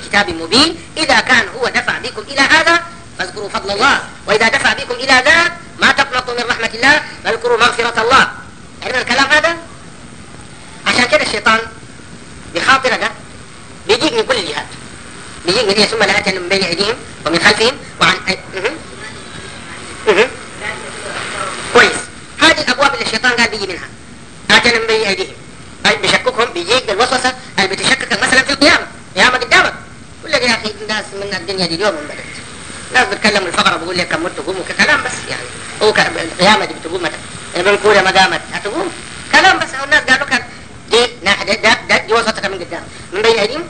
بكتاب مبين إذا كان هو دفع بكم إلى هذا فاذكروا فضل الله وإذا دفع بكم إلى ذاك ما تقنطوا من رحمة الله فاذكروا مغفرة الله عرفنا الكلام هذا عشان كده الشيطان بخاطرنا بيجيك من كل الجهات بيجيك من ثم لأتن من بين أيديهم ومن خلفهم وعن كويس هذه الأبواب اللي الشيطان قال بيجي منها آتنا من بين أيديهم من الدنيا دي اليوم انبدت ناس بتكلم الفقره بقول لك كم تقوم وكلام بس يعني هو القيامه دي بتقوم متى؟ المنكوره يعني ما قامت هتقوم كلام بس الناس قالوا كان دي ناحيه ده ده دي وسطك من قدام من بين ايديهم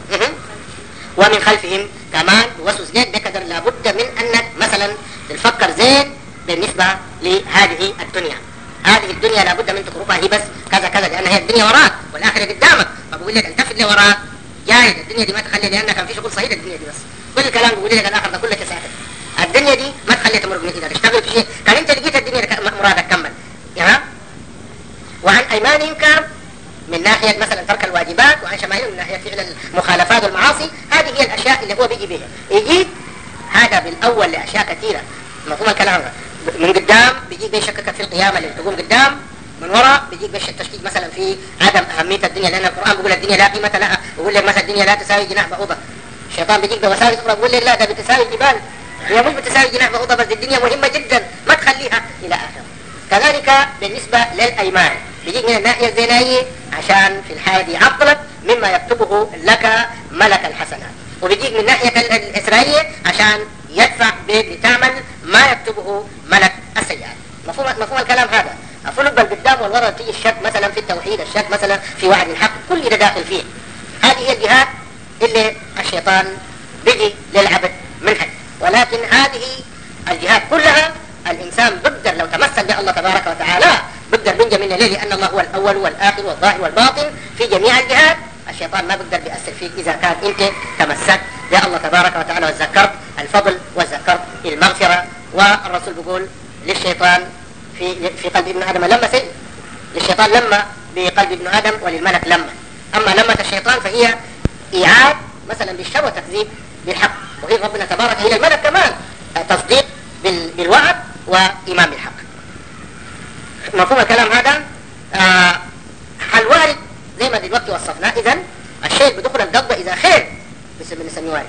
ومن خلفهم كمان وسوس زيد ده كدر لابد من انك مثلا تفكر زيد بالنسبه لهذه الدنيا هذه الدنيا لابد من تقربها هي بس كذا كذا لان هي الدنيا وراك والاخره قدامك فبقول لك التفت لوراك جاهد الدنيا دي ما تخلي لانك كان في شغل صحيح الدنيا دي بس كل الكلام بيقول لك الاخر ده كله كسافه الدنيا دي ما تخليها تمر من ايدك اشتغل في شيء كان انت لقيت الدنيا مرادك كمل تمام وعن ايمانهم كان من ناحيه مثلا ترك الواجبات وعن شمائلهم من ناحيه فعل المخالفات والمعاصي هذه هي الاشياء اللي هو بيجي بها يجي هذا بالاول لاشياء كثيره مفهوم الكلام من قدام بيجيك بيشككك في القيامه اللي تقوم قدام من وراء بيجيك بيش التشكيك مثلا في عدم اهميه الدنيا لان القران بيقول الدنيا لا قيمه لها بيقول لك مثلا الدنيا لا تساوي جناح بعوضه الشيطان بيجيك بوساوس اخرى بيقول لي لا ده بتساوي الجبال هي مش بتساوي جناح بعوضه بس الدنيا مهمه جدا ما تخليها الى اخره كذلك بالنسبه للايمان بيجيك من الناحيه الزنايه عشان في الحياه دي عطلك مما يكتبه لك ملك الحسنات وبيجيك من الناحيه الاسرائيليه عشان يدفع بتعمل لتعمل ما يكتبه ملك السيئات مفهوم مفهوم الكلام هذا لك بالقدام والورا تيجي الشك مثلا في التوحيد الشك مثلا في وعد الحق كل ده داخل فيه هذه هي الجهات اللي الشيطان بيجي للعبد منها ولكن هذه الجهات كلها الانسان بقدر لو تمسك بالله تبارك وتعالى بقدر بنجا من ليه؟ لان الله هو الاول والاخر والظاهر والباطن في جميع الجهات الشيطان ما بقدر بيأثر فيك اذا كان انت تمسكت بالله تبارك وتعالى وتذكرت الفضل وتذكرت المغفره والرسول بيقول للشيطان في في قلب ابن ادم لما سجد للشيطان لما بقلب ابن ادم وللملك لما اما لما الشيطان فهي إيعاد مثلا بالشر وتكذيب بالحق وغير ربنا تبارك إلى الملك كمان آه، تصديق بالوعد وإمام الحق مفهوم الكلام هذا آه، وارد زي ما دلوقتي وصفناه إذا الشيء بدخل الضبة إذا خير بنسميه وارد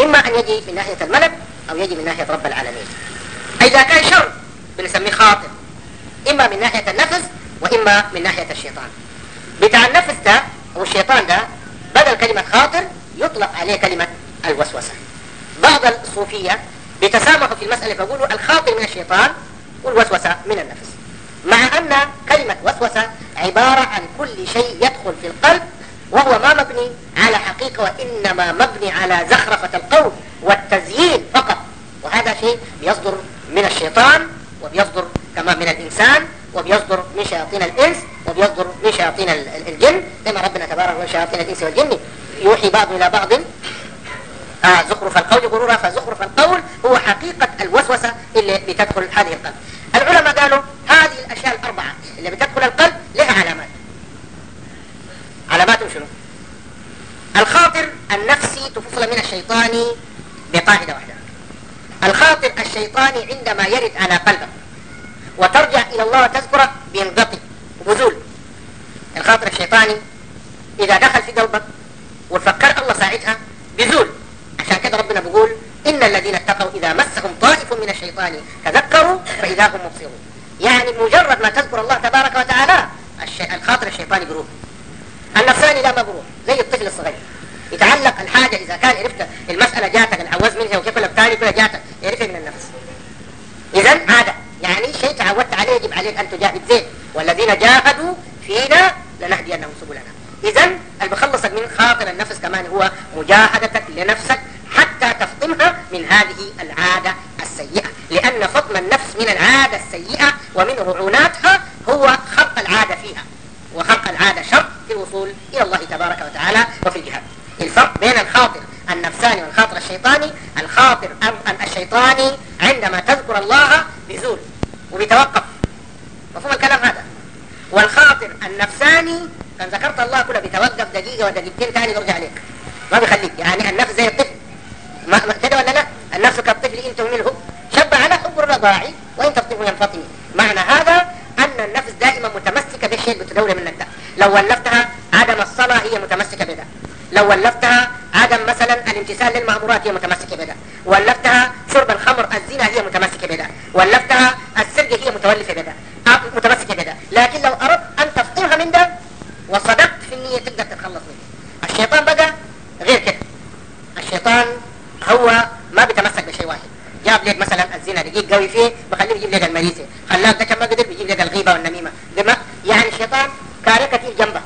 إما أن يجي من ناحية الملك أو يجي من ناحية رب العالمين إذا كان شر بنسميه خاطئ إما من ناحية النفس وإما من ناحية الشيطان بتاع النفس ده أو الشيطان ده كلمة خاطر يطلق عليه كلمة الوسوسة بعض الصوفية بيتسامحوا في المسألة فقولوا الخاطر من الشيطان والوسوسة من النفس مع أن كلمة وسوسة عبارة عن كل شيء يدخل في القلب وهو ما مبني على حقيقة وإنما مبني على زخرفة القول والتزيين فقط وهذا شيء بيصدر من الشيطان وبيصدر كمان من الإنسان وبيصدر من شياطين الإنس قد يصدر شياطين الجن كما ربنا تبارك شياطين الانس والجن يوحي بعض الى بعض آه زخرف القول غرورا فزخرف القول هو حقيقة الوسوسة اللي بتدخل هذه القلب العلماء قالوا هذه الأشياء الأربعة اللي بتدخل القلب لها علامات علامات شنو؟ الخاطر النفسي تفصل من الشيطاني بقاعدة واحدة الخاطر الشيطاني عندما يرد على قلبك وترجع إلى الله تذكره بينضبط وبذول يعني خاطرك إذا دخل في قلبك وفكر الله ساعتها بزول عشان كده ربنا بيقول إن الذين اتقوا إذا مسهم طائف من الشيطان تذكروا فإذا هم مبصرون يعني مجرد ما تذكر الله تبارك وتعالى الخاطر الشيطاني بروح النفساني لا ما بروح زي الطفل الصغير يتعلق الحاجة إذا كان عرفت المسألة جاتك العوز منها وكيف الأبتالي كلها جاتك يعرفها من النفس إذا عادة يعني شيء تعودت عليه يجب عليك أن تجاهد زين والذين جاهدوا فينا لنهدينهم سبلنا اذا المخلص من خاطر النفس كمان هو مجاهدتك لنفسك حتى تفطمها من هذه العادة السيئة لأن فطم النفس من العادة السيئة ومن رعوناتها هو خرق العادة فيها وخرق العادة شرط في الوصول إلى الله تبارك وتعالى وفي الجهاد الفرق بين الخاطر النفساني والخاطر الشيطاني الخاطر الشيطاني عندما تذكر الله بزول وبيتوقف النفساني كان ذكرت الله كله بتوقف دقيقه ودقيقتين ثاني بيرجع عليك ما بيخليك يعني النفس زي الطفل ما كده ولا لا النفس كالطفل انت ومنه شب على حب الرضاع وانت الطفل ينفطني معنى هذا ان النفس دائما متمسكه بالشيء بتدور منك ده لو ولفتها عدم الصلاه هي متمسكه بده لو ولفتها عدم مثلا الامتثال للمامورات هي متمسكه بده ولفتها شرب الخمر الزنا هي متمسكه بده ولفتها السرقه هي متولفه بده مشاركتي جنبه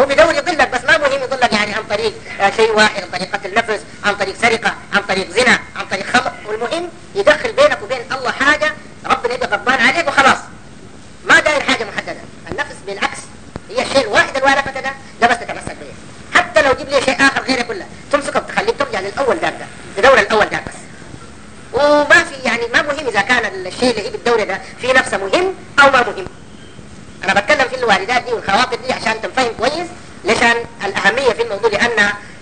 هو بدور يضلك بس ما مهم يضلك يعني عن طريق آه، شيء واحد عن طريق قتل نفس عن طريق سرقة عن طريق زنا عن طريق خطأ والمهم يدخل بينك وبين الله حاجة ربنا يبقى غضبان عليك وخلاص ما داير حاجة محددة النفس بالعكس هي الشيء الواحد الوارقة ده لا بس تتمسك به حتى لو جيب لي شيء آخر غيره كله تمسكه بتخليه ترجع للأول ذاك ده بدور الأول ذاك بس وما في يعني ما مهم إذا كان الشيء اللي هي بالدورة ده في نفسه مهم أو ما مهم الواردات دي والخواطر دي عشان تنفهم كويس لشان الأهمية في الموضوع لأن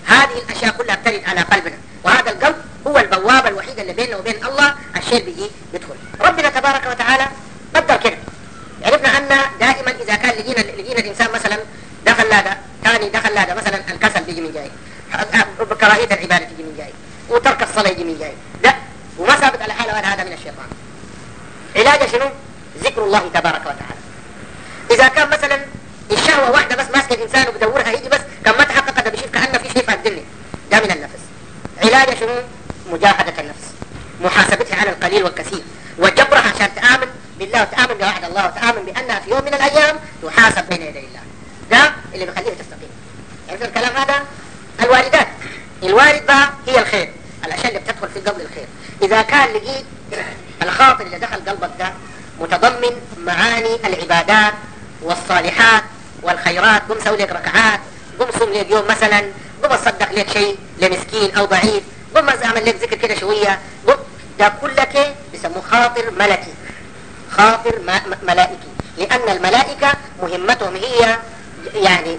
هذه الأشياء كلها بترد على قلبنا وهذا القلب هو البوابة الوحيدة اللي بيننا وبين الله الشيء بيجي يدخل ربنا تبارك وتعالى قدر كده عرفنا أن دائما إذا كان لقينا لقينا الإنسان مثلا دخل هذا ثاني دخل هذا مثلا الكسل بيجي من جاي كراهية العبادة تيجي من جاي وترك الصلاة يجي من جاي لا وما ثابت على حاله هذا من الشيطان علاجه شنو؟ ذكر الله تبارك وتعالى اذا كان مثلا الشهوه واحده بس ماسكه الانسان وبدورها هيجي بس كان ما تحققت هذا بيشوف كانه في شيء الدنيا ده من النفس علاجها شنو؟ مجاهده النفس محاسبتها على القليل والكثير وجبرها عشان تامن بالله وتامن بوعد الله وتامن بانها في يوم من الايام تحاسب بين يدي الله ده اللي بيخليها تستقيم عرفت يعني الكلام هذا؟ الواردات الوالد بقى هي الخير الاشياء اللي بتدخل في قبل الخير اذا كان لقيت الخاطر اللي دخل قلبك ده متضمن معاني العبادات والصالحات والخيرات قم سوي لك ركعات قم صم لك يوم مثلا قم اتصدق لك شيء لمسكين او ضعيف قم اعمل لك ذكر كده شويه قم ده كلك بيسموه خاطر ملكي خاطر ملائكي لان الملائكه مهمتهم هي يعني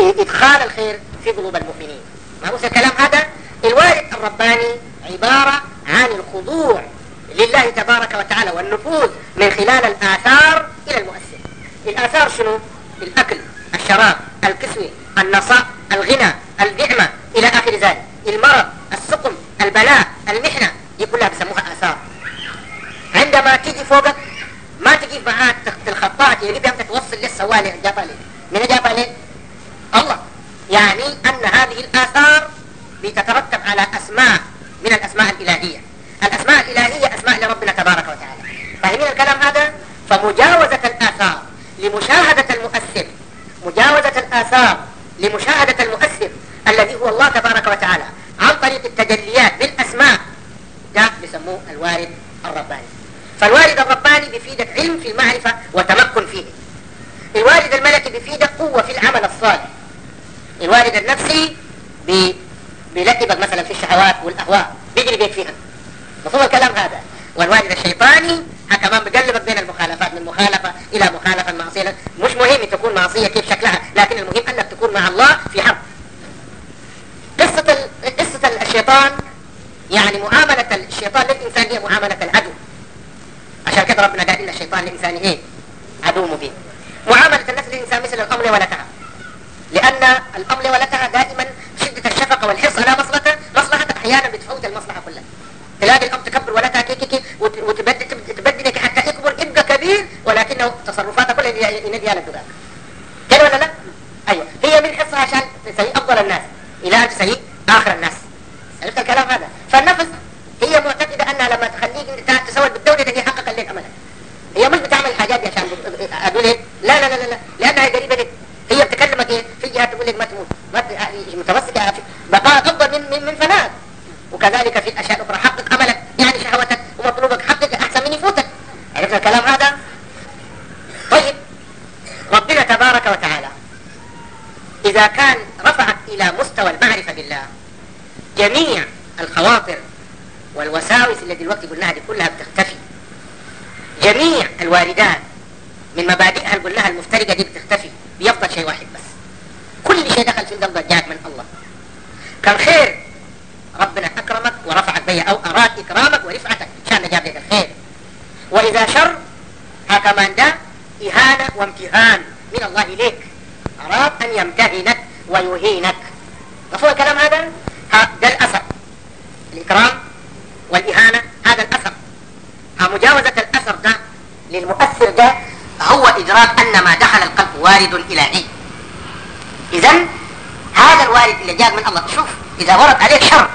ادخال الخير في قلوب المؤمنين ما هو الكلام هذا الوالد الرباني عباره عن الخضوع لله تبارك وتعالى والنفوذ من خلال الاثار الى المؤسسة الآثار شنو؟ الأكل الشراب الكسوة النصاء الغنى النعمة إلى آخر ذلك المرض السقم البلاء المحنة دي كلها بسموها آثار عندما تيجي فوقك ما تجي معاك تخت الخطاعة يجب يعني أن تتوصل للسوالع جابها من جابها الله يعني أن هذه الآثار بتترتب على أسماء من الأسماء الإلهية الأسماء الإلهية أسماء لربنا تبارك وتعالى فاهمين الكلام هذا؟ فمجاوزة لمشاهدة المؤثر مجاوزة الآثار لمشاهدة المؤثر الذي هو الله تبارك وتعالى عن طريق التجليات بالأسماء ده بسموه الوارد الرباني فالوارد الرباني بفيدك علم في المعرفة وتمكن فيه الوارد الملكي بفيدك قوة في العمل الصالح الوارد النفسي بي بيلتبك مثلا في الشهوات والأهواء بيجري بيك فيها مفهوم الكلام هذا والوارد الشيطاني كمان بقلل لك مش مهم تكون معصية كيف شكلها لكن المهم أنك تكون مع الله في حرب قصة قصة الشيطان يعني معاملة الشيطان للإنسان هي معاملة العدو عشان كده ربنا قال إن الشيطان للإنسان إيه عدو مبين معاملة النفس للإنسان مثل الأمر ولتها لأن الأمر ولتها دائما شدة الشفقة والحرص على مصلحة مصلحة أحيانا بتفوت المصلحة كلها تلاقي الأم تكبر ولتها كي كي كي وتبدل ينادي على الذباب كده ولا لا؟ ايوه هي من حرصها عشان تسوي افضل الناس الى ان تسوي اخر الناس عرفت الكلام هذا؟ إلى مستوى المعرفة بالله جميع الخواطر والوساوس التي الوقت قلناها دي كلها بتختفي جميع الواردات من مبادئها اللي قلناها المفترقة دي بتختفي بيفضل شيء واحد بس كل شيء دخل في القلب جاك من الله كان خير ربنا أكرمك ورفعك بي أو أراد إكرامك ورفعتك شان جاب لك الخير وإذا شر هكمان ده إهانة وامتهان من الله إليك أراد أن يمتهنك ويهينك مفهوم الكلام هذا؟ ده الأثر الإكرام والإهانة هذا الأثر مجاوزة الأثر ده للمؤثر ده هو إدراك أن ما دخل القلب وارد إلهي إذا هذا الوارد اللي جاء من الله شوف إذا ورد عليك شر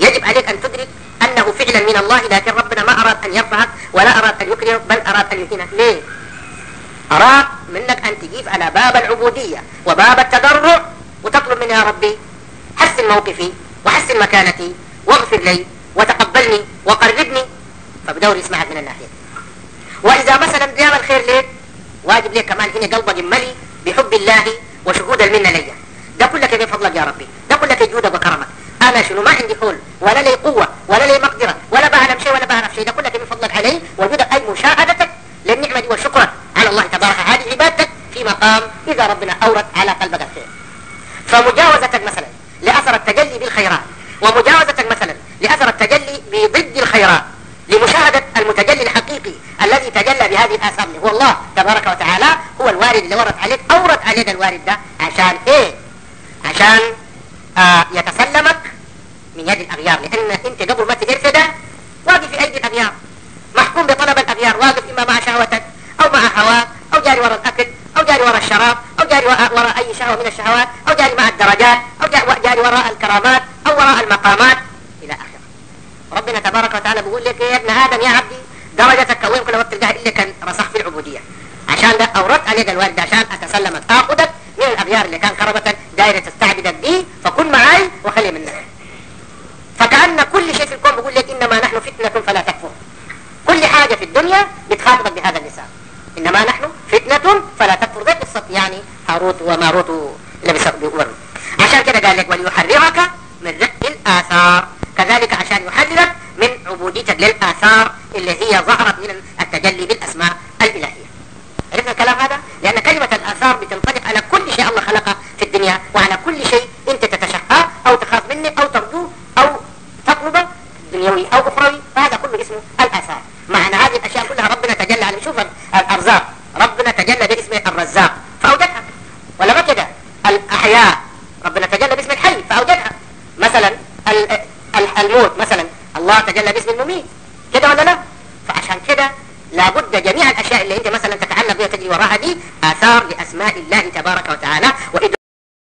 يجب عليك أن تدرك أنه فعلا من الله لكن ربنا ما أراد أن يرفعك ولا أراد أن يكرمك بل أراد أن يهينك ليه؟ أراد منك أن تجيب على باب العبودية وباب التضرع وتطلب مني يا ربي حسن موقفي وحسن مكانتي واغفر لي وتقبلني وقربني فبدوري يسمعك من الناحية وإذا مثلا دائما الخير ليك واجب ليك كمان هنا قلبك ملي بحب الله وشهود المنة لي ده كلك من فضلك يا ربي ده كلك جودك وكرمك أنا شنو ما عندي حول ولا لي قوة ولا لي مقدرة ولا بعلم شيء ولا بعرف شيء ده كلك من فضلك علي وجودك أي مشاعر الحرام إذا ربنا أورد على قلبك الخير فمجاوزتك مثلا لأثر التجلي بالخيرات ومجاوزتك مثلا لأثر التجلي بضد الخيرات لمشاهدة المتجلي الحقيقي الذي تجلى بهذه الآثار هو الله تبارك وتعالى هو الوارد اللي ورد عليك أورد عليك الوارد ده عشان إيه؟ عشان آه يتسلمك من يد الأغيار لأن أنت قبل ما تجري ده واقف في أيدي الأغيار محكوم بطلب الأغيار واقف إما مع شهوتك نفسه من الشهوات أو جاري مع الدرجات أو جاري وراء الكرامات أو وراء المقامات إلى آخره ربنا تبارك وتعالى بيقول لك إيه يا ابن آدم يا عبدي درجتك كل وقت بترجع إلا كان رسخ في العبودية عشان ده أوردت عليك الوالد عشان أتسلمت آخذت من الأبيار اللي كان كربة دائرة تستعد هاروت وماروت لبس بأمم عشان كده قال لك وليحررك من رد الآثار كذلك عشان يحررك من عبوديتك للآثار اللي هي ظهرت من التجلي بالأسماء الإلهية عرفنا الكلام هذا؟ لأن كلمة الآثار بتنطبق على كل شيء الله خلقه في الدنيا وعلى كل شيء أنت تتشهاه أو تخاف منه أو ترجوه أو تطلبه دنيوي أو أخروي فهذا كله اسمه الآثار Ya la vez el momento.